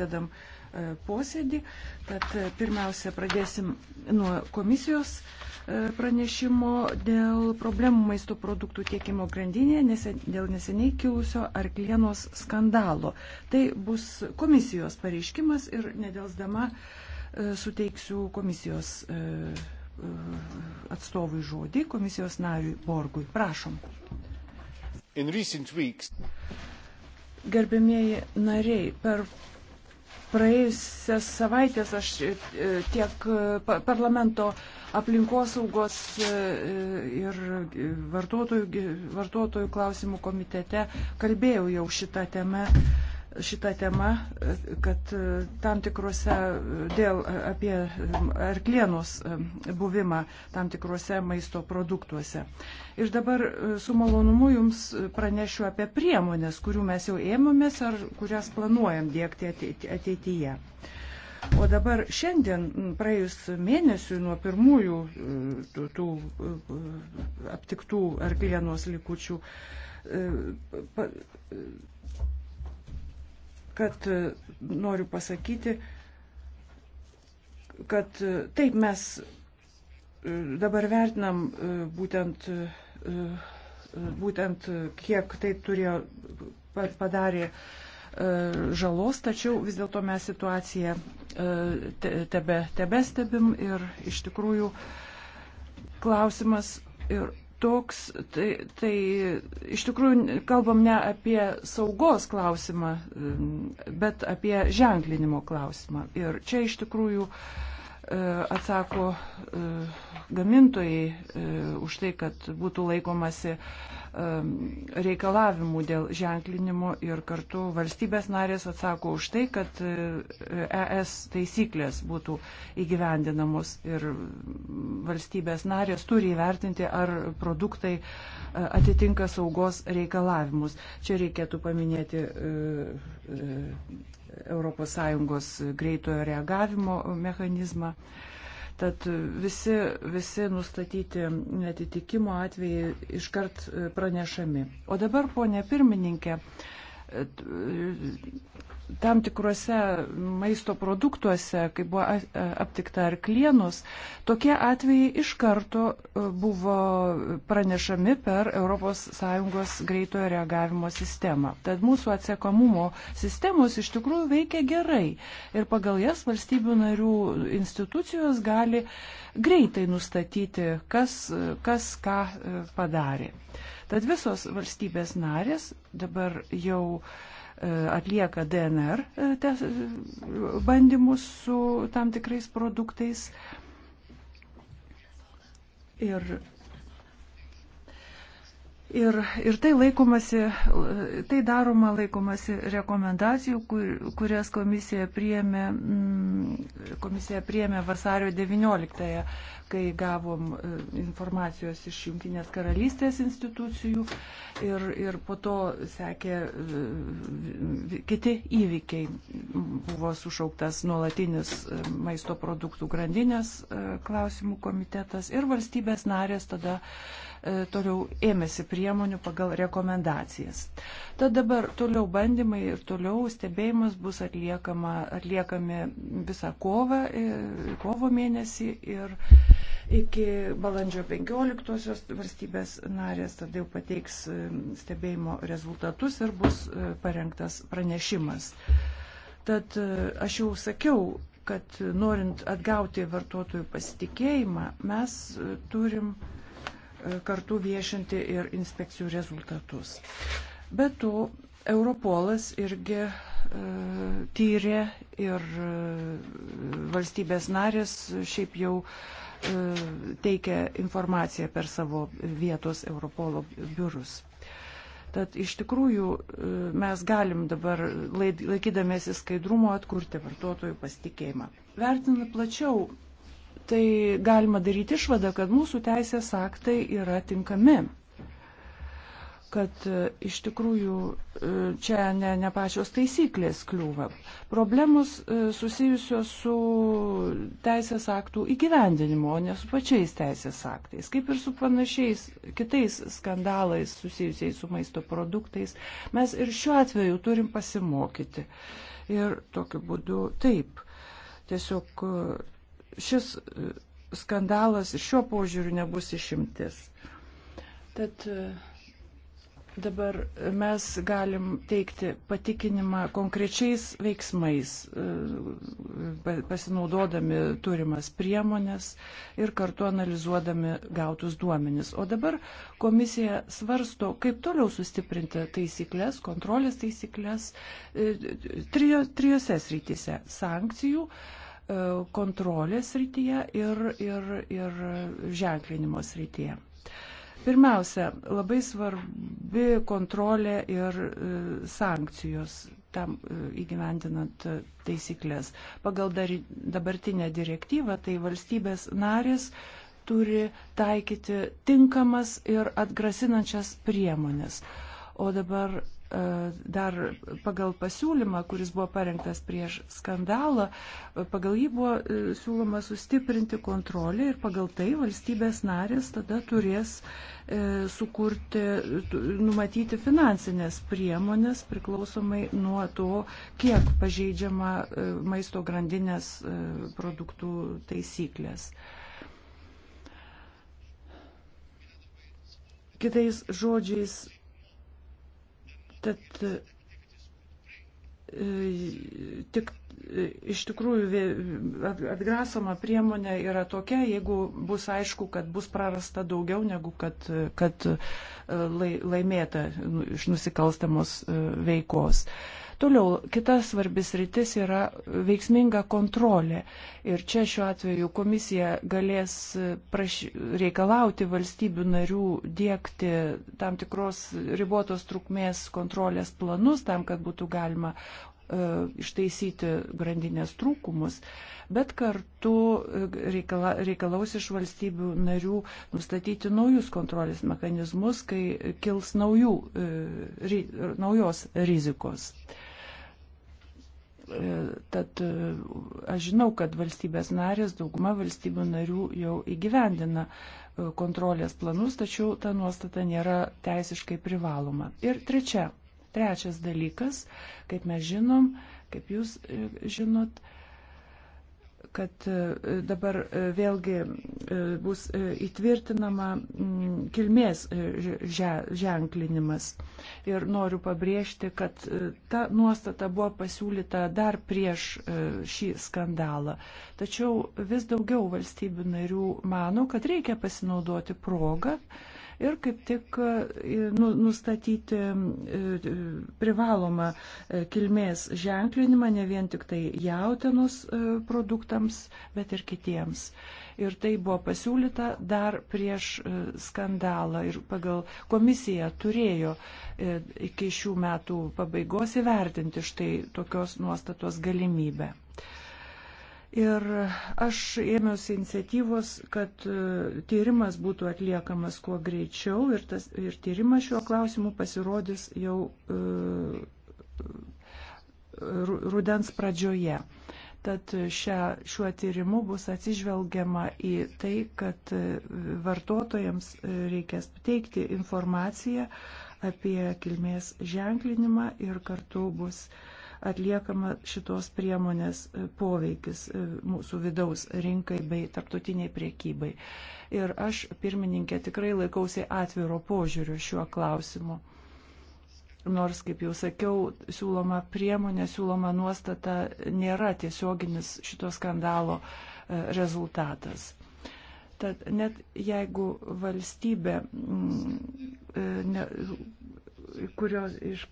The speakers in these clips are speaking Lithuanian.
Vedam e, posėdį, tad e, pirmiausia pradėsim nuo komisijos e, pranešimo dėl problemų maisto produktų tiekimo grandinėje nesen, dėl neseniai kilusio arklienos skandalo. Tai bus komisijos pareiškimas ir nedelsdama suteiksiu komisijos atstovui žodį, komisijos nariui Borgui. Prašom. Weeks... Gerbėmieji nariai, per Praėjusias savaitės aš e, e, tiek e, parlamento aplinkosaugos ir vartotojų, vartotojų klausimų komitete kalbėjau jau šitą temą šitą temą, kad e, tam tikrose, dėl e, apie arklienos e, buvimą tam tikrose maisto produktuose. Ir dabar su malonumu jums pranešiu apie priemonės, kurių mes jau ėmėmės ar kurias planuojam dėkti ateityje. O dabar šiandien, praėjus mėnesiui nuo pirmųjų tų, tų aptiktų arklienos likučių, kad e, noriu pasakyti, kad e, taip mes e, dabar vertinam būtent, būtent kiek tai turėjo padarė žalos, tačiau vis dėlto mes situaciją tebe, tebe stebim ir iš tikrųjų klausimas ir toks, tai, tai iš tikrųjų kalbam ne apie saugos klausimą, bet apie ženklinimo klausimą. Ir čia iš tikrųjų e, atsako e, gamintojai e, už tai, kad būtų laikomasi reikalavimų dėl ženklinimo ir kartu valstybės narės atsako už tai, kad ES e taisyklės būtų įgyvendinamos ir valstybės narės turi įvertinti, ar produktai e, atitinka saugos reikalavimus. Čia reikėtų paminėti ES e, greitojo reagavimo mechanizmą. Tad visi, visi nustatyti netitikimo atvejai iškart pranešami. O dabar, ponė pirmininkė, tam tikrose maisto produktuose, kai buvo aptikta arklienos, tokie atvejai iš karto e, buvo pranešami per ES greitojo reagavimo sistemą. Tad mūsų atsiekomumo sistemos iš tikrųjų veikia gerai ir pagal jas valstybių narių institucijos gali greitai nustatyti, kas, kas ką e, padarė. Tad visos valstybės narės dabar jau e, atlieka DNR e, bandymus su tam tikrais produktais. Ir Ir, ir tai, laikomasi, e, tai daroma laikomasi rekomendacijų, kur, kurias komisija priėmė, mm, komisija priėmė vasario 19-ąją kai gavom e, informacijos iš Junktinės karalystės institucijų ir, ir po to sekė e, kiti įvykiai. Buvo sušauktas nuolatinis e, maisto produktų grandinės klausimų komitetas ir valstybės narės tada toliau ėmėsi priemonių pagal rekomendacijas. Tad dabar toliau bandymai ir toliau stebėjimas bus atliekama, atliekami visą kovą, kovo mėnesį ir Iki balandžio 15 valstybės narės tada jau pateiks stebėjimo rezultatus ir bus e, parengtas pranešimas. Tad e, aš jau sakiau, kad e, norint atgauti vartotojų pasitikėjimą, mes turim kartu viešinti ir inspekcijų rezultatus. Be to, Europolas irgi e, tyrė ir valstybės narės šiaip jau e, E, teikia informaciją per savo vietos Europolo biurus. Tad iš tikrųjų e, mes galim dabar, laikydamėsi skaidrumo, atkurti vartotojų pasitikėjimą. Vertinant plačiau, tai galima daryti išvadą, kad mūsų teisės aktai yra tinkami kad e, iš tikrųjų e, čia ne, ne pačios taisyklės kliūva. Problemos e, susijusios su teisės aktų įgyvendinimu, o ne su pačiais teisės aktais. Kaip ir su panašiais kitais skandalais susijusiais su maisto produktais, mes ir šiuo atveju turim pasimokyti. Ir tokiu būdu taip. Tiesiog šis skandalas ir šiuo požiūriu nebus išimtis. Tad uh... Dabar mes galim teikti patikinimą konkrečiais veiksmais, e, pasinaudodami turimas priemonės ir kartu analizuodami gautus duomenis. O dabar komisija svarsto, kaip toliau sustiprinti taisyklės, kontrolės taisyklės e, trijo, trijose srityse - sankcijų, e, kontrolės srityje ir, ir, ir ženklinimo srityje. Pirmiausia, labai svarbi kontrolė ir e, sankcijos tam e, įgyvendinant e, taisyklės. Pagal dabartinę direktyvą tai valstybės narės turi taikyti tinkamas ir atgrasinančias priemonės. O dabar dar pagal pasiūlymą, kuris buvo parengtas prieš skandalą, pagal jį buvo e, siūloma sustiprinti kontrolę ir pagal tai valstybės narės tada turės e, sukurti, numatyti finansinės priemonės priklausomai nuo to, kiek pažeidžiama e, maisto grandinės produktų taisyklės. Kitais žodžiais, Tad e, tik iš tikrųjų atgrasoma priemonė yra tokia, jeigu bus aišku, kad bus prarasta daugiau negu kad, kad e, laimėta nu, iš nusikalstamos e, veikos. Toliau, kita svarbis rytis yra veiksminga kontrolė. Ir čia šiuo atveju komisija galės e, praš, reikalauti valstybių narių dėkti tam tikros ribotos trukmės kontrolės planus, tam, kad būtų galima E, ištaisyti grandinės trūkumus, bet kartu e, reikala, reikalaus iš valstybių narių nustatyti naujus kontrolės mechanizmus, kai kils naujų, e, ry, naujos rizikos. Tad aš žinau, kad valstybės narės, dauguma valstybių narių jau įgyvendina kontrolės planus, tačiau ta nuostata nėra teisiškai privaloma. Ir trečia Trečias dalykas, kaip mes žinom, kaip jūs e, žinot, kad e, dabar e, vėlgi bus įtvirtinama kilmės ženklinimas. Ir noriu pabrėžti, kad ta nuostata buvo pasiūlyta dar prieš šį skandalą. Tačiau vis daugiau valstybių narių mano, kad reikia pasinaudoti progą ir kaip tik e, nu, nustatyti e, e, privalomą kilmės ženklinimą ne vien tik tai jautienos produktams, bet ir kitiems. Ir tai buvo pasiūlyta dar prieš skandalą ir pagal komisiją turėjo iki šių metų pabaigos įvertinti štai tokios nuostatos galimybę. Ir aš ėmiausi iniciatyvos, kad e, tyrimas būtų atliekamas kuo greičiau ir, tas, ir tyrimas šiuo klausimu pasirodys jau e, rudens pradžioje. Tad šia, šiuo tyrimu bus atsižvelgiama į tai, kad e, vartotojams reikės pateikti informaciją apie kilmės ženklinimą ir kartu bus uh, atliekama šitos priemonės e, poveikis e, mūsų vidaus rinkai bei tarptautiniai priekybai. Ir aš, pirmininkė, tikrai laikausi atviro požiūriu šiuo klausimu. Nors, kaip jau sakiau, siūloma priemonė, siūloma nuostata nėra tiesioginis šito skandalo e, rezultatas. Tad net jeigu valstybė, mm, ne, kurios, iš,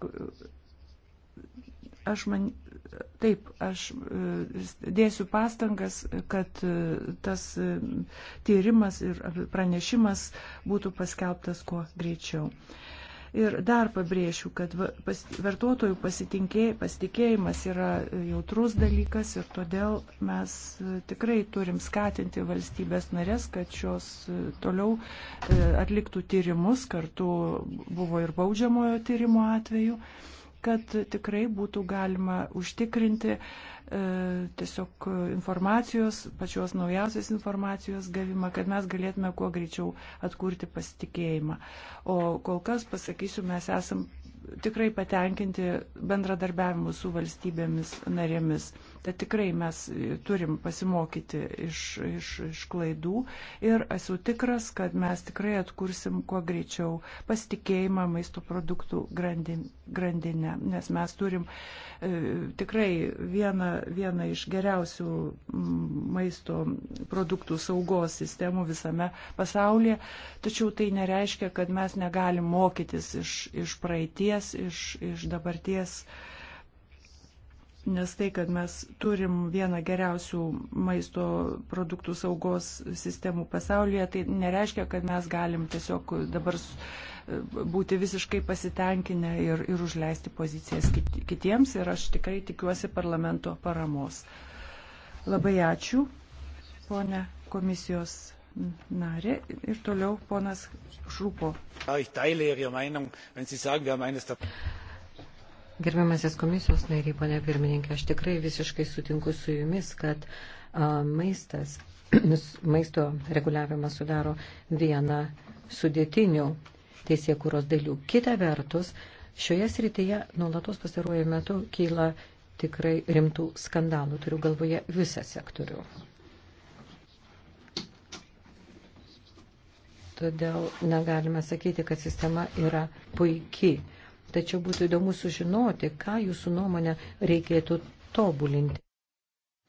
Aš man, taip, aš e, dėsiu pastangas, kad e, tas e, tyrimas ir pranešimas būtų paskelbtas kuo greičiau. Ir dar pabrėšiu, kad vartotojų pasitikėjimas yra jautrus dalykas ir todėl mes tikrai turim skatinti valstybės narės, kad šios toliau atliktų tyrimus, kartu buvo ir baudžiamojo tyrimo atveju kad tikrai būtų galima užtikrinti e, tiesiog informacijos, pačios naujausios informacijos gavimą, kad mes galėtume kuo greičiau atkurti pasitikėjimą. O kol kas, pasakysiu, mes esam tikrai patenkinti bendradarbiavimu su valstybėmis narėmis. Tad tikrai mes turim pasimokyti iš, iš, iš klaidų ir esu tikras, kad mes tikrai atkursim kuo greičiau pasitikėjimą maisto produktų grandinę, nes mes turim e, tikrai vieną, vieną iš geriausių maisto produktų saugos sistemų visame pasaulyje, tačiau tai nereiškia, kad mes negalim mokytis iš, iš praeities, iš, iš dabarties. Uh, nes tai, kad mes turim vieną geriausių maisto produktų saugos sistemų pasaulyje, tai nereiškia, kad mes galim tiesiog dabar e, būti visiškai pasitenkinę ir, ir užleisti pozicijas kitiems ir aš tikrai tikiuosi parlamento paramos. Labai ačiū, ponė komisijos narė ir toliau ponas Šrūpo. Ja, Gerbiamasis komisijos nariai, ponė pirmininkė, aš tikrai visiškai sutinku su jumis, kad a, maistas, maisto reguliavimas sudaro vieną sudėtinių teisėkūros dalių. Kita vertus, šioje srityje nuolatos pastaruoju metu kyla tikrai rimtų skandalų, turiu galvoje visą sektorių. Todėl negalime sakyti, kad sistema yra puikiai Tačiau būtų įdomu sužinoti, ką jūsų nuomonė reikėtų tobulinti.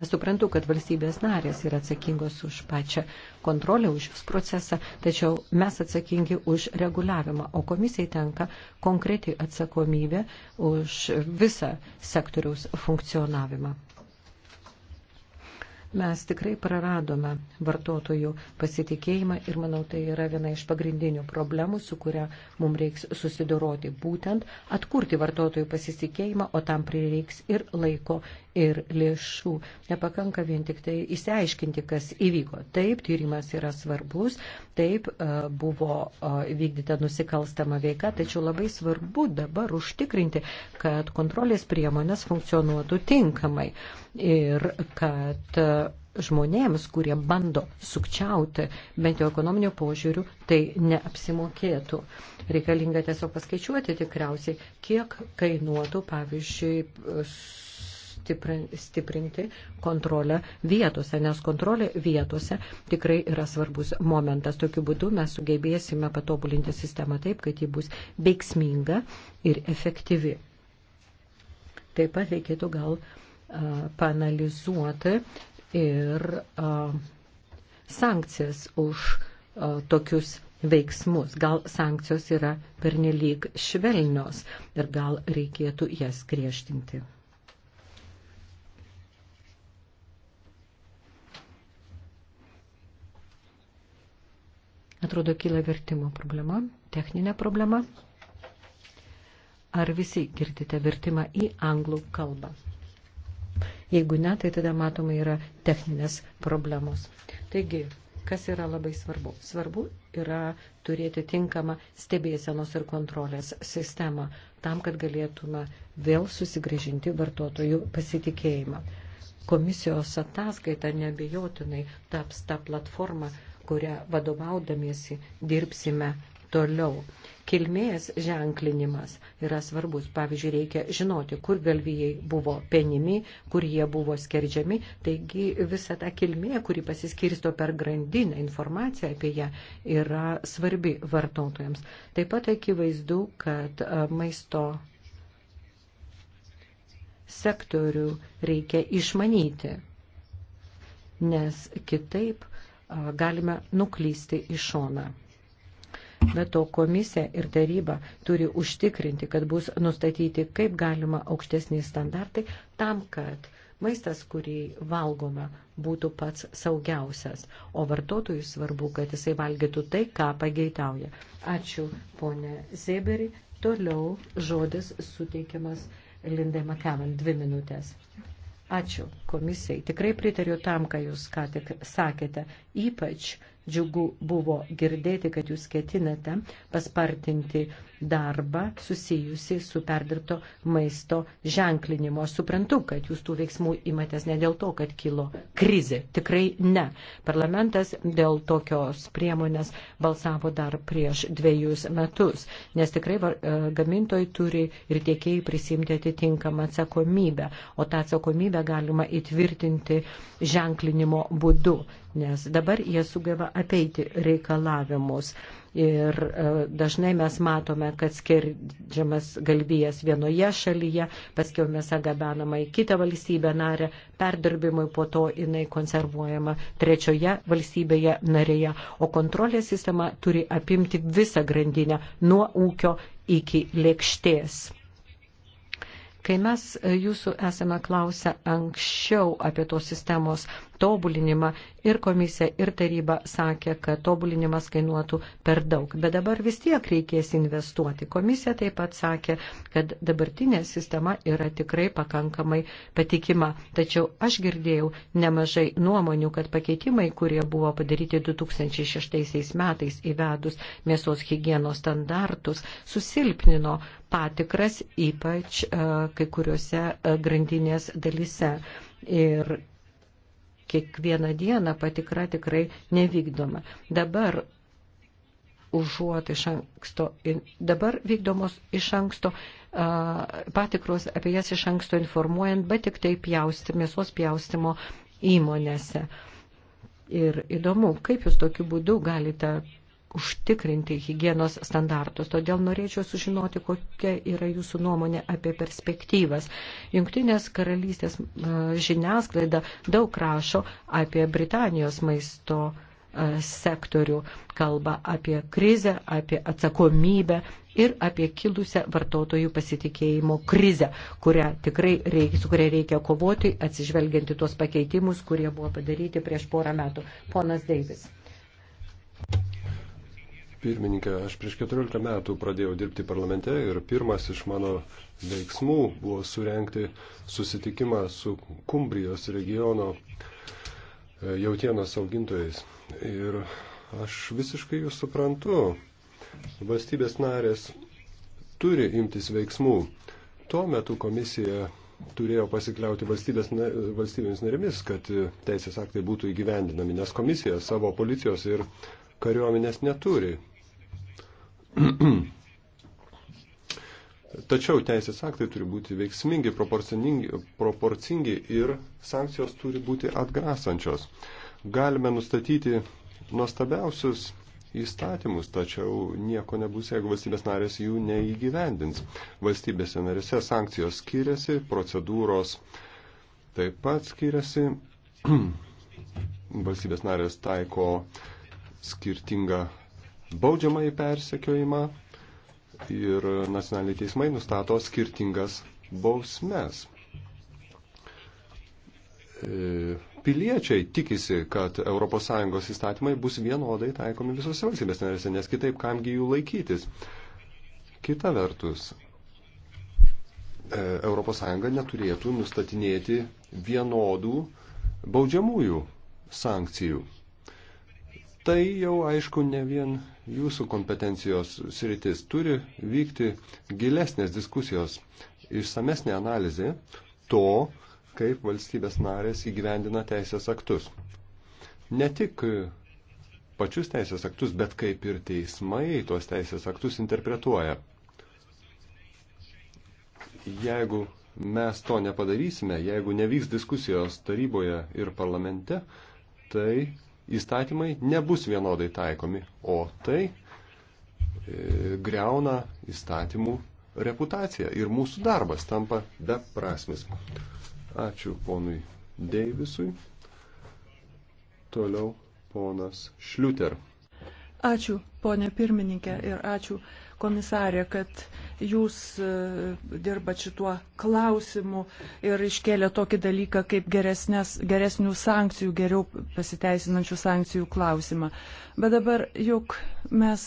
Aš suprantu, kad valstybės narės yra atsakingos už pačią kontrolę, už jūs procesą, tačiau mes atsakingi už reguliavimą, o komisijai tenka konkretiai atsakomybė už visą sektoriaus funkcionavimą. Mes tikrai praradome vartotojų pasitikėjimą ir manau, tai yra viena iš pagrindinių problemų, su kuria mums reiks susidoroti. Būtent atkurti vartotojų pasitikėjimą, o tam prireiks ir laiko ir lėšų. Nepakanka vien tik tai įsiaiškinti, kas įvyko. Taip, tyrimas yra svarbus, taip e, buvo e, vykdyta nusikalstama veika, tačiau labai svarbu dabar užtikrinti, kad kontrolės priemonės funkcionuotų tinkamai ir kad e, žmonėms, kurie bando sukčiauti, bent jau ekonominio požiūrių, tai neapsimokėtų. Reikalinga tiesiog paskaičiuoti tikriausiai, kiek kainuotų, pavyzdžiui, stiprinti kontrolę vietose, nes kontrolė vietose tikrai yra svarbus momentas. Tokiu būdu mes sugebėsime patobulinti sistemą taip, kad ji bus veiksminga ir efektyvi. Taip pat reikėtų gal uh, panalizuoti ir uh, sankcijas už uh, tokius veiksmus. Gal sankcijos yra pernelyg švelnios ir gal reikėtų jas griežtinti. Atrodo, kyla vertimo problema, techninė problema. Ar visi girdite vertimą į anglų kalbą? Jeigu ne, tai tada matomai yra techninės problemos. Taigi, kas yra labai svarbu? Svarbu yra turėti tinkamą stebėsenos ir kontrolės sistemą tam, kad galėtume vėl susigražinti vartotojų pasitikėjimą. Komisijos ataskaita nebejotinai taps tą platformą, kurią vadovaudamiesi dirbsime toliau. Kilmės ženklinimas yra svarbus. Pavyzdžiui, reikia žinoti, kur galvijai buvo penimi, kur jie buvo skerdžiami. Taigi visa ta kilmė, kuri pasiskirsto per grandinę, informacija apie ją yra svarbi vartotojams. Taip pat akivaizdu, kad e, maisto sektorių reikia išmanyti, nes kitaip galime nuklysti į šoną. Be to komisija ir taryba turi užtikrinti, kad bus nustatyti kaip galima aukštesni standartai tam, kad maistas, kurį valgome, būtų pats saugiausias, o vartotojui svarbu, kad jisai valgytų tai, ką pageitauja. Ačiū, ponė Zeberi. Toliau žodis suteikiamas Lindai Makavan. Dvi minutės. Ačiū komisijai. Tikrai pritariu tam, ką jūs ką tik sakėte. Ypač Džiugu buvo girdėti, kad jūs ketinate paspartinti darbą susijusi su perdirbto maisto ženklinimo. Aš suprantu, kad jūs tų veiksmų imatės ne dėl to, kad kilo krizė. Tikrai ne. Parlamentas dėl tokios priemonės balsavo dar prieš dviejus metus, nes tikrai e, gamintojai turi ir tiekėjai prisimti atitinkamą atsakomybę, o tą atsakomybę galima įtvirtinti ženklinimo būdu nes dabar jie sugeba apeiti reikalavimus. Ir e, dažnai mes matome, kad skerdžiamas galvijas vienoje šalyje, paskiau mes agabenama į kitą valstybę narę, perdirbimui po to jinai konservuojama trečioje valstybėje narėje. O kontrolės sistema turi apimti visą grandinę nuo ūkio iki lėkštės. Kai mes e, jūsų esame klausę anksčiau apie tos sistemos tobulinimą ir komisija, ir taryba sakė, kad tobulinimas kainuotų per daug. Bet dabar vis tiek reikės investuoti. Komisija taip pat sakė, kad dabartinė sistema yra tikrai pakankamai patikima. Tačiau aš girdėjau nemažai nuomonių, kad pakeitimai, kurie buvo padaryti 2006 metais įvedus mėsos hygienos standartus, susilpnino patikras ypač e, kai kuriuose e, grandinės dalyse. Ir kiekvieną dieną patikra tikrai nevykdoma. Dabar užuot iš anksto, dabar vykdomos iš anksto patikros apie jas iš anksto informuojant, bet tik tai pjausti, mėsos pjaustimo įmonėse. Ir įdomu, kaip jūs tokiu būdu galite užtikrinti hygienos standartus. Todėl norėčiau sužinoti, kokia yra jūsų nuomonė apie perspektyvas. Junktinės karalystės žiniasklaida daug rašo apie Britanijos maisto sektorių, kalba apie krizę, apie atsakomybę ir apie kilusią vartotojų pasitikėjimo krizę, kurią tikrai reikia, su kuria reikia kovoti, atsižvelgianti tuos pakeitimus, kurie buvo padaryti prieš porą metų. Ponas Deivis pirmininkė, aš prieš 14 metų pradėjau dirbti parlamente ir pirmas iš mano veiksmų buvo surenkti susitikimą su Kumbrijos regiono e, jautienos augintojais. Ir aš visiškai jūs suprantu, valstybės narės turi imtis veiksmų. Tuo metu komisija turėjo pasikliauti valstybėmis narėmis, kad teisės aktai būtų įgyvendinami, nes komisija savo policijos ir kariuomenės neturi. Tačiau teisės aktai turi būti veiksmingi, proporcingi ir sankcijos turi būti atgrasančios. Galime nustatyti nuostabiausius įstatymus, tačiau nieko nebus, jeigu valstybės narės jų neįgyvendins. Valstybėse narėse sankcijos skiriasi, procedūros taip pat skiriasi. valstybės narės taiko skirtingą baudžiamąjį persekiojimą ir nacionaliniai teismai nustato skirtingas bausmes. E, piliečiai tikisi, kad ES įstatymai bus vienodai taikomi visose valstybės narėse, nes kitaip kamgi jų laikytis. Kita vertus, e, ES neturėtų nustatinėti vienodų baudžiamųjų sankcijų tai jau aišku ne vien jūsų kompetencijos sritis. Turi vykti gilesnės diskusijos, išsamesnė analizė to, kaip valstybės narės įgyvendina teisės aktus. Ne tik pačius teisės aktus, bet kaip ir teismai tuos teisės aktus interpretuoja. Jeigu mes to nepadarysime, jeigu nevyks diskusijos taryboje ir parlamente, tai įstatymai nebus vienodai taikomi, o tai e, greuna įstatymų reputaciją ir mūsų darbas tampa beprasmis. Ačiū ponui Deivisui. Toliau ponas Šliuter. Ačiū, ponė pirmininkė, ir ačiū komisarė, kad jūs e, dirbat šituo klausimu ir iškėlė tokį dalyką kaip geresnės, geresnių sankcijų, geriau pasiteisinančių sankcijų klausimą. Bet dabar juk mes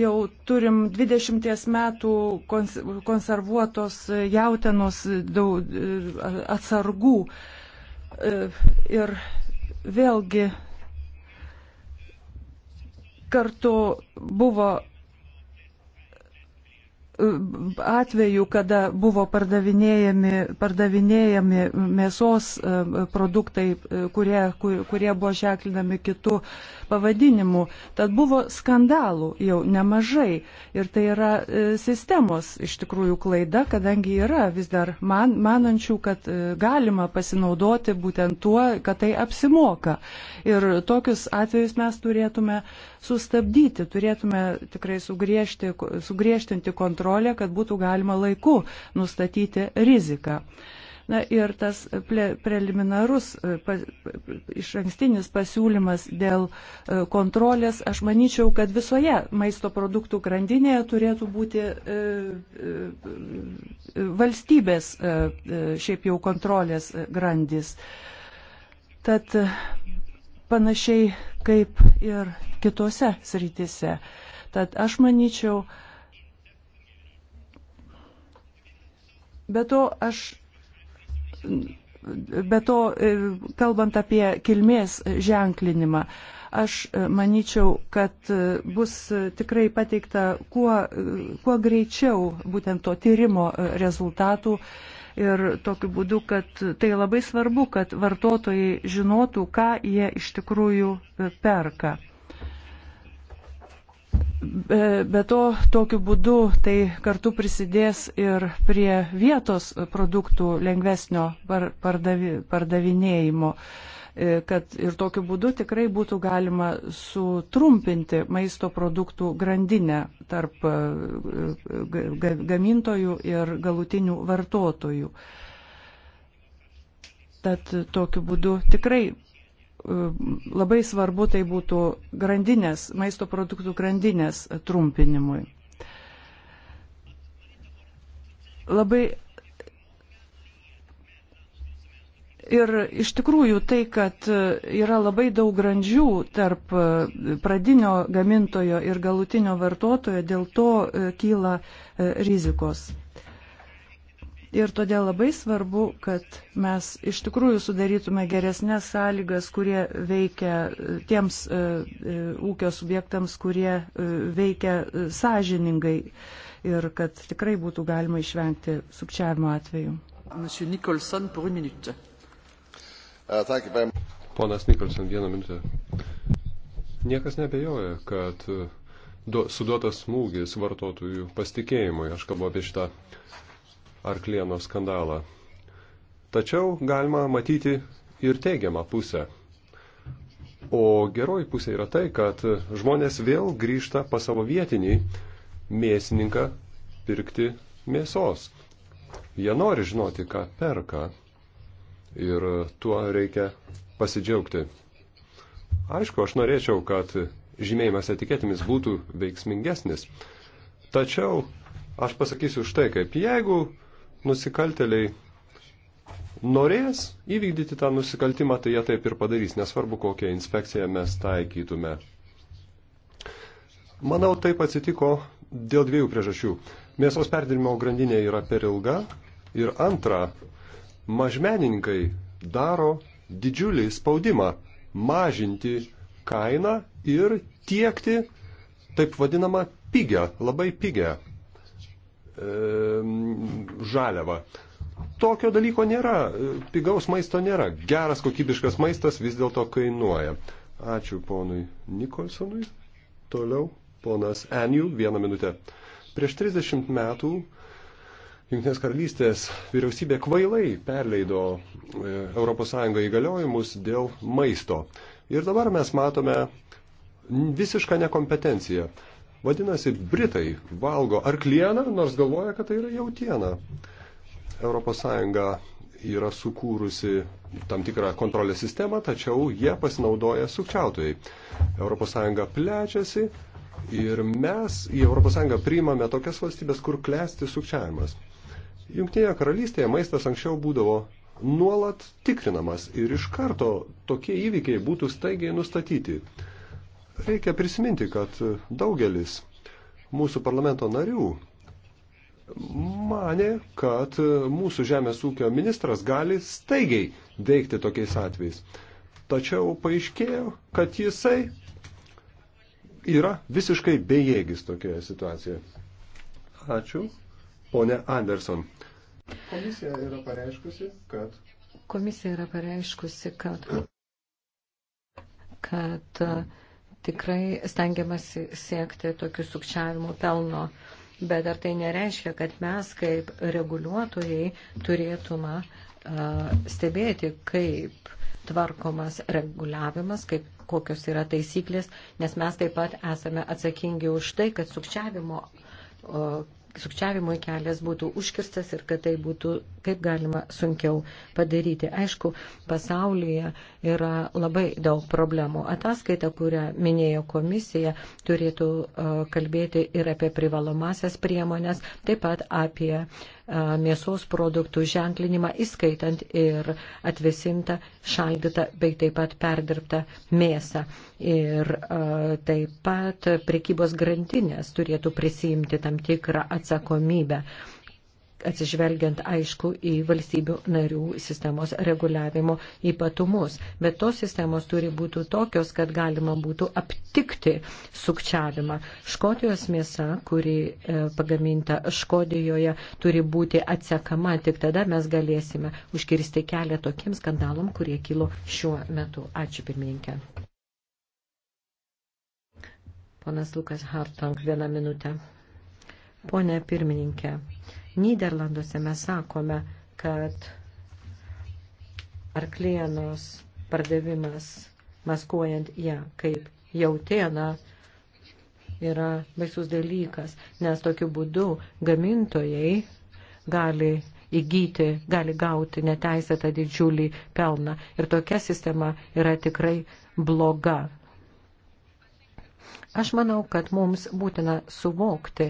jau turim 20 metų konservuotos jautenos daug, atsargų e, ir vėlgi kartu buvo atveju, kada buvo pardavinėjami, pardavinėjami mėsos e, produktai, e, kurie, kurie buvo ženklinami kitų pavadinimų, tad buvo skandalų jau nemažai. Ir tai yra e, sistemos iš tikrųjų klaida, kadangi yra vis dar man, manančių, kad galima pasinaudoti būtent tuo, kad tai apsimoka. Ir tokius atvejus mes turėtume sustabdyti, turėtume tikrai sugriežti, sugriežtinti kontrolę kontrolė, kad būtų galima laiku nustatyti riziką. Na ir tas preliminarus e, pa, iš ankstinis pasiūlymas dėl e, kontrolės, aš manyčiau, kad visoje maisto produktų grandinėje turėtų būti e, e, valstybės e, e šiaip jau kontrolės grandis. Tad panašiai kaip ir kitose srityse. Tad aš manyčiau, Be to, aš. Be to, e, kalbant apie kilmės ženklinimą, aš e, manyčiau, kad e, bus tikrai pateikta kuo, kuo greičiau būtent to tyrimo rezultatų ir tokiu būdu, kad tai labai svarbu, kad vartotojai žinotų, ką jie iš tikrųjų perka. Be to, tokiu būdu tai kartu prisidės ir prie vietos produktų lengvesnio pardavi, pardavinėjimo e, kad ir tokiu būdu tikrai būtų galima sutrumpinti maisto produktų grandinę tarp e, gamintojų ir galutinių vartotojų. Tad tokiu būdu tikrai E, labai svarbu tai būtų grandinės, maisto produktų grandinės trumpinimui. Labai Ir iš tikrųjų tai, kad yra labai daug grandžių tarp pradinio gamintojo ir galutinio vartotojo, dėl to e, kyla e, rizikos. Ir todėl labai svarbu, kad mes iš tikrųjų sudarytume geresnės sąlygas, kurie veikia e, tiems e, e, ūkio subjektams, kurie veikia sąžiningai ir kad tikrai būtų galima išvengti sukčiavimo atveju. Uh, Ponas Nikolson, vieną minutę. Niekas nebejoja, kad du, suduotas smūgis vartotojų pasitikėjimui, aš kalbu apie šitą Arklieno skandalą. Tačiau galima matyti ir teigiamą pusę. O geroji pusė yra tai, kad žmonės vėl grįžta pas savo vietinį mėsininką pirkti mėsos. Jie nori žinoti, ką perka. Ir tuo reikia pasidžiaugti. Aišku, aš norėčiau, kad žymėjimas etiketėmis būtų veiksmingesnis. Tačiau aš pasakysiu štai kaip. Jeigu nusikalteliai norės įvykdyti tą nusikaltimą, tai jie taip ir padarys, nesvarbu, kokią inspekciją mes taikytume. Manau, taip atsitiko dėl dviejų priežasčių. Mėsos perdirimo grandinė yra per ilga ir antra, mažmenininkai daro didžiulį spaudimą mažinti kainą ir tiekti taip vadinamą pigę, labai pigę Ehm, žaliavą. Tokio dalyko nėra, pigaus maisto nėra. Geras kokybiškas maistas vis dėlto kainuoja. Ačiū ponui Nikolsonui. Toliau ponas Enjų, vieną minutę. Prieš 30 metų Junktinės karalystės vyriausybė kvailai perleido ES įgaliojimus dėl maisto. Ir dabar mes matome visišką nekompetenciją. Vadinasi, Britai valgo arklieną, nors galvoja, kad tai yra jautiena. ES yra sukūrusi tam tikrą kontrolės sistemą, tačiau jie pasinaudoja sukčiautojai. ES plečiasi ir mes į ES priimame tokias valstybės, kur klesti sukčiavimas. Junktinėje karalystėje maistas anksčiau būdavo nuolat tikrinamas ir iš karto tokie įvykiai būtų staigiai nustatyti. Reikia prisiminti, kad daugelis mūsų parlamento narių mane, kad mūsų žemės ūkio ministras gali staigiai veikti tokiais atvejais. Tačiau paaiškėjo, kad jisai yra visiškai bejėgis tokioje situacijoje. Ačiū, ponė Anderson. Komisija yra pareiškusi, kad. Komisija yra pareiškusi, kad. kad uh, tikrai stengiamasi siekti tokių sukčiavimų pelno. Bet ar tai nereiškia, kad mes kaip reguliuotojai turėtume uh, stebėti, kaip tvarkomas reguliavimas, kaip kokios yra taisyklės, nes mes taip pat esame atsakingi už tai, kad sukčiavimo uh, sukčiavimui kelias būtų užkirstas ir kad tai būtų kaip galima sunkiau padaryti. Aišku, pasaulyje yra labai daug problemų. Ataskaita, kurią minėjo komisija, turėtų e, kalbėti ir apie privalomasias priemonės, taip pat apie uh, mėsos produktų ženklinimą, įskaitant ir atvesintą, šaldytą bei taip pat perdirbtą mėsą. Ir taip pat prekybos grandinės turėtų prisijimti tam tikrą atsakomybę atsižvelgiant aišku į valstybių narių sistemos reguliavimo ypatumus. Bet tos sistemos turi būti tokios, kad galima būtų aptikti sukčiavimą. Škotijos mėsa, kuri e, pagaminta Škodijoje, turi būti atsekama, tik tada mes galėsime užkirsti kelią tokiems skandalom, kurie kilo šiuo metu. Ačiū pirmininkė. Ponas Lukas Hartong, vieną minutę. Pone pirmininkė, Niderlanduose mes sakome, kad arklienos pardavimas maskuojant ją kaip jautieną yra baisus dalykas, nes tokiu būdu gamintojai gali įgyti, gali gauti neteisėtą didžiulį pelną. Ir tokia sistema yra tikrai bloga. Aš manau, kad mums būtina suvokti,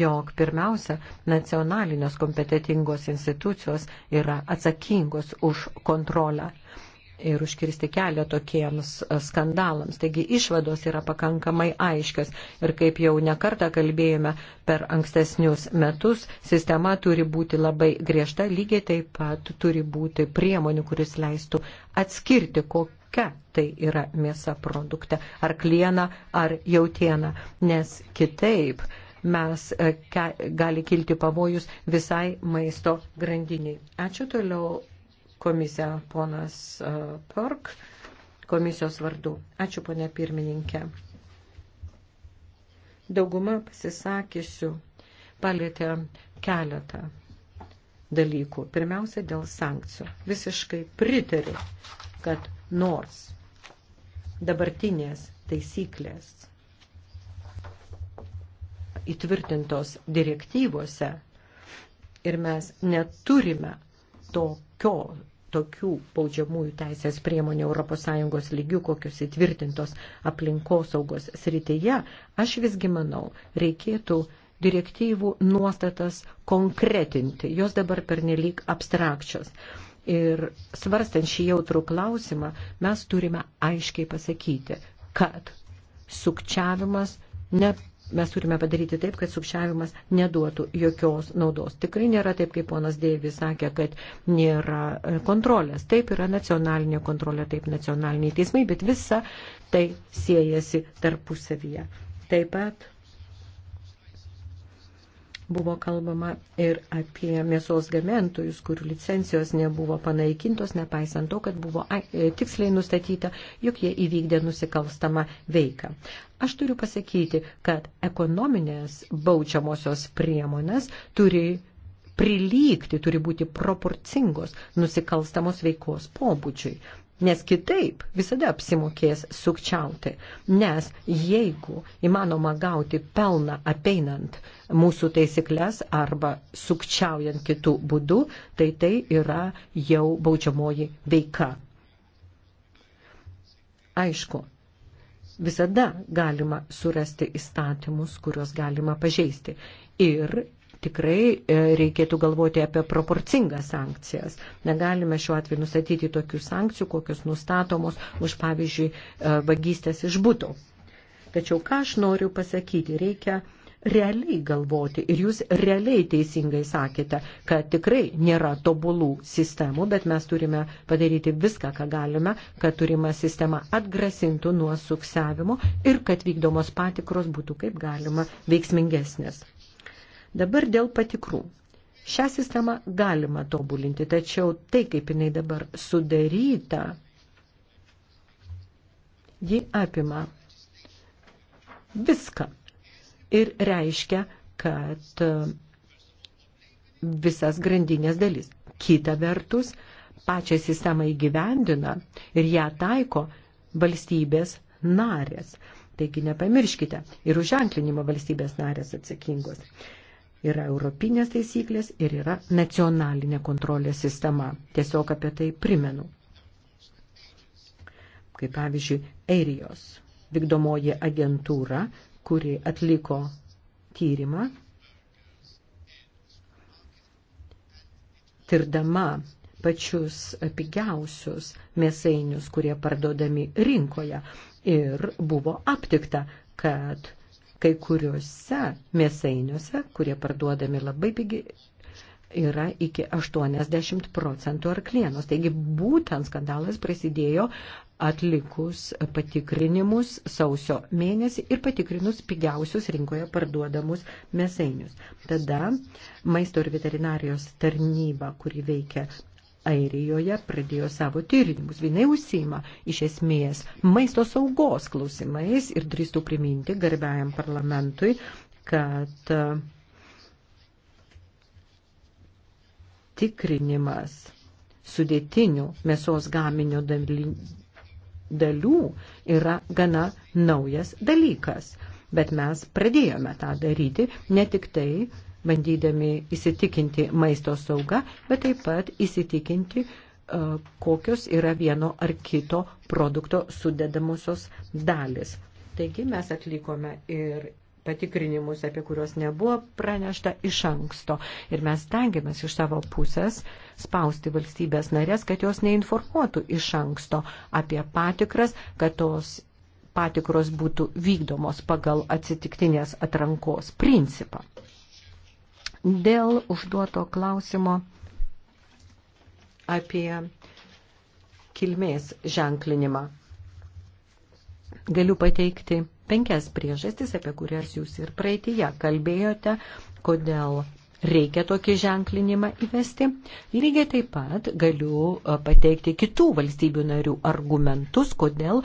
jog pirmiausia nacionalinės kompetitingos institucijos yra atsakingos už kontrolę ir užkirsti kelią tokiems e, skandalams. Taigi išvados yra pakankamai aiškios ir kaip jau nekartą kalbėjome per ankstesnius metus, sistema turi būti labai griežta, lygiai taip pat turi būti priemonių, kuris leistų atskirti, kokia tai yra mėsa produkte, ar kliena, ar jautiena, nes kitaip mes e, ke, gali kilti pavojus visai maisto grandiniai. Ačiū toliau komisija ponas e, Perk komisijos vardu. Ačiū ponė pirmininkė. Dauguma pasisakysiu palėtė keletą dalykų. Pirmiausia, dėl sankcijų. Visiškai pritariu, kad nors dabartinės taisyklės įtvirtintos direktyvose ir mes neturime tokio, tokių baudžiamųjų teisės priemonių ES lygių, kokios įtvirtintos aplinkosaugos srityje, aš visgi manau, reikėtų direktyvų nuostatas konkretinti. Jos dabar pernelyg abstrakčios. Ir svarstant šį jautrų klausimą, mes turime aiškiai pasakyti, kad sukčiavimas ne mes turime padaryti taip, kad sukčiavimas neduotų jokios naudos. Tikrai nėra taip, kaip ponas Deivis sakė, kad nėra e, kontrolės. Taip yra nacionalinė kontrolė, taip nacionaliniai teismai, bet visa tai siejasi tarpusavyje. Taip pat buvo kalbama ir apie mėsos gamintojus, kurių licencijos nebuvo panaikintos, nepaisant to, kad buvo e, tiksliai nustatyta, jog jie įvykdė nusikalstamą veiką. Aš turiu pasakyti, kad ekonominės baudžiamosios priemonės turi prilygti, turi būti proporcingos nusikalstamos veikos pobūdžiui. Nes kitaip visada apsimokės sukčiauti. Nes jeigu įmanoma gauti pelną apeinant mūsų taisyklės arba sukčiaujant kitų būdų, tai tai yra jau baudžiamoji veika. Aišku, visada galima surasti įstatymus, kuriuos galima pažeisti. Ir tikrai e, reikėtų galvoti apie proporcingas sankcijas. Negalime šiuo atveju nustatyti tokių sankcijų, kokios nustatomos už, pavyzdžiui, e, vagystės iš būtų. Tačiau ką aš noriu pasakyti, reikia realiai galvoti. Ir jūs realiai teisingai sakėte, kad tikrai nėra tobulų sistemų, bet mes turime padaryti viską, ką galime, kad turima sistema atgrasintų nuo suksiavimo ir kad vykdomos patikros būtų kaip galima veiksmingesnės. Dabar dėl patikrų. Šią sistemą galima tobulinti, tačiau tai, kaip jinai dabar sudaryta, ji apima viską ir reiškia, kad e, visas grandinės dalis. Kita vertus, pačią sistemą įgyvendina ir ją taiko valstybės narės. Taigi nepamirškite, ir už ženklinimą valstybės narės atsakingos. Yra europinės taisyklės ir yra nacionalinė kontrolės sistema. Tiesiog apie tai primenu. Kaip pavyzdžiui, Eirijos vykdomoji agentūra, kuri atliko tyrimą, tirdama pačius pigiausius mėsainius, kurie parduodami rinkoje. Ir buvo aptikta, kad Kai kuriuose mėsainiuose, kurie parduodami labai pigiai, yra iki 80 procentų arklienos. Taigi būtent skandalas prasidėjo atlikus patikrinimus sausio mėnesį ir patikrinus pigiausius rinkoje parduodamus mėsainius. Tada maisto ir veterinarijos tarnyba, kuri veikia Airijoje pradėjo savo tyrimus. Vienai užsima iš esmės maisto saugos klausimais ir drįstų priminti garbiajam parlamentui, kad e, tikrinimas sudėtinių mėsos gaminio dalių yra gana naujas dalykas. Bet mes pradėjome tą daryti ne tik tai bandydami įsitikinti maisto saugą, bet taip pat įsitikinti, e, kokios yra vieno ar kito produkto sudedamosios dalis. Taigi mes atlikome ir patikrinimus, apie kuriuos nebuvo pranešta iš anksto. Ir mes tengiamės iš savo pusės spausti valstybės narės, kad jos neinformuotų iš anksto apie patikras, kad tos patikros būtų vykdomos pagal atsitiktinės atrankos principą dėl užduoto klausimo apie kilmės ženklinimą. Galiu pateikti penkias priežastis, apie kurias jūs ir praeitįje kalbėjote, kodėl reikia tokį ženklinimą įvesti. Lygiai taip pat galiu pateikti kitų valstybių narių argumentus, kodėl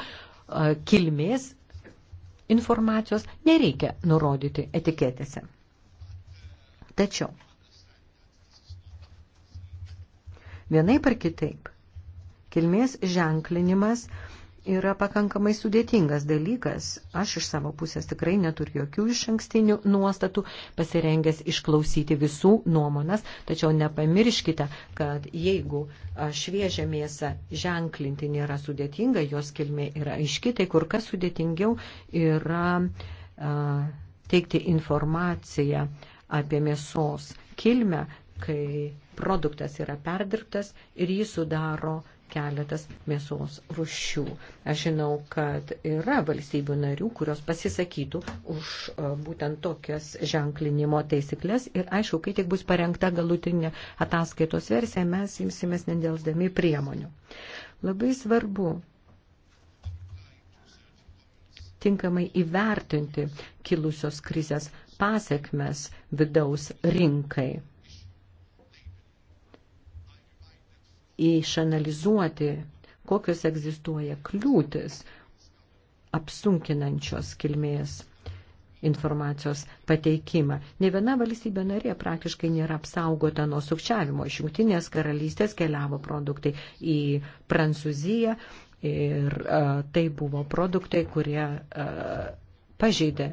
kilmės informacijos nereikia nurodyti etiketėse. Tačiau, vienai par kitaip, kilmės ženklinimas yra pakankamai sudėtingas dalykas. Aš iš savo pusės tikrai neturiu jokių iš ankstinių nuostatų, pasirengęs išklausyti visų nuomonas, tačiau nepamirškite, kad jeigu šviežia mėsa ženklinti nėra sudėtinga, jos kilmė yra aiški, tai kur kas sudėtingiau yra a, teikti informaciją apie mėsos kilmę, kai produktas yra perdirbtas ir jį sudaro keletas mėsos rušių. Aš žinau, kad yra valstybių narių, kurios pasisakytų už e, būtent tokias ženklinimo taisyklės ir aišku, kai tik bus parengta galutinė ataskaitos versija, mes imsimės nedėlsdami priemonių. Labai svarbu tinkamai įvertinti kilusios krizės pasiekmes vidaus rinkai. Išanalizuoti, kokios egzistuoja kliūtis apsunkinančios kilmės informacijos pateikimą. Ne viena valstybė narė praktiškai nėra apsaugota nuo sukčiavimo. Iš Junktinės karalystės keliavo produktai į Prancūziją ir a, e, tai buvo produktai, kurie a, e, pažeidė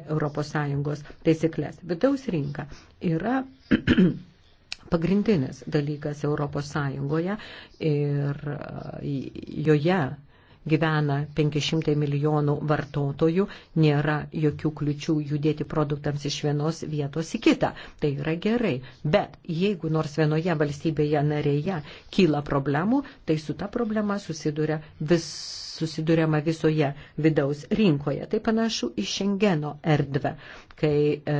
ES taisyklės. Vidaus rinka yra pagrindinis dalykas ES ir e, joje gyvena 500 milijonų vartotojų, nėra jokių kliučių judėti produktams iš vienos vietos į kitą. Tai yra gerai. Bet jeigu nors vienoje valstybėje narėje kyla problemų, tai su ta problema susiduria vis susidurėma visoje vidaus rinkoje. Tai panašu į Šengeno erdvę, kai e,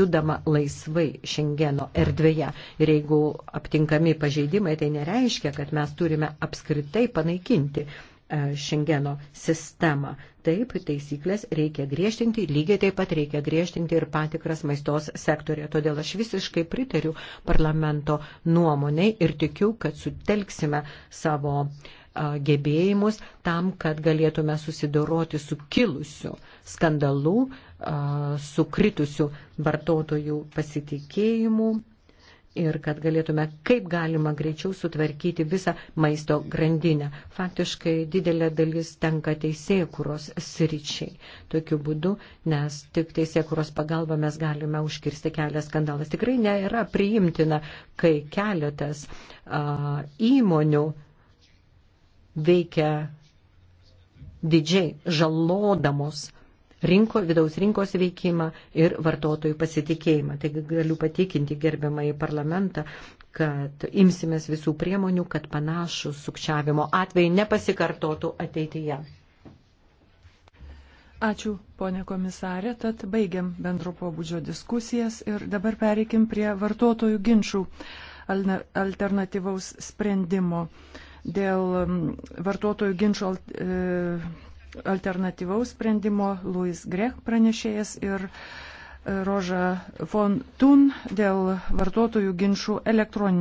judama laisvai Šengeno erdvėje. Ir jeigu aptinkami pažeidimai, tai nereiškia, kad mes turime apskritai panaikinti E, Šengeno sistemą. Taip, taisyklės reikia griežtinti, lygiai taip pat reikia griežtinti ir patikras maistos sektorė. Todėl aš visiškai pritariu parlamento nuomoniai ir tikiu, kad sutelksime savo e, gebėjimus tam, kad galėtume susidoroti su kilusiu skandalu, e, su kritusiu vartotojų pasitikėjimu ir kad galėtume kaip galima greičiau sutvarkyti visą maisto grandinę. Faktiškai didelė dalis tenka teisėkuros sričiai. Tokiu būdu, nes tik teisėkuros pagalba mes galime užkirsti kelią skandalas. Tikrai nėra priimtina, kai keletas a, įmonių veikia didžiai žalodamos rinko, vidaus rinkos veikimą ir vartotojų pasitikėjimą. Taigi galiu patikinti gerbiamąjį parlamentą, kad imsimės visų priemonių, kad panašus sukčiavimo atvejai nepasikartotų ateityje. Ačiū, ponė komisarė, tad baigiam bendro pobūdžio diskusijas ir dabar pereikim prie vartotojų ginčių alternatyvaus sprendimo dėl mm, vartotojų ginčių e, alternatyvaus sprendimo Louis Grech pranešėjas ir e, Roža von Tun dėl vartotojų ginčių elektroninių.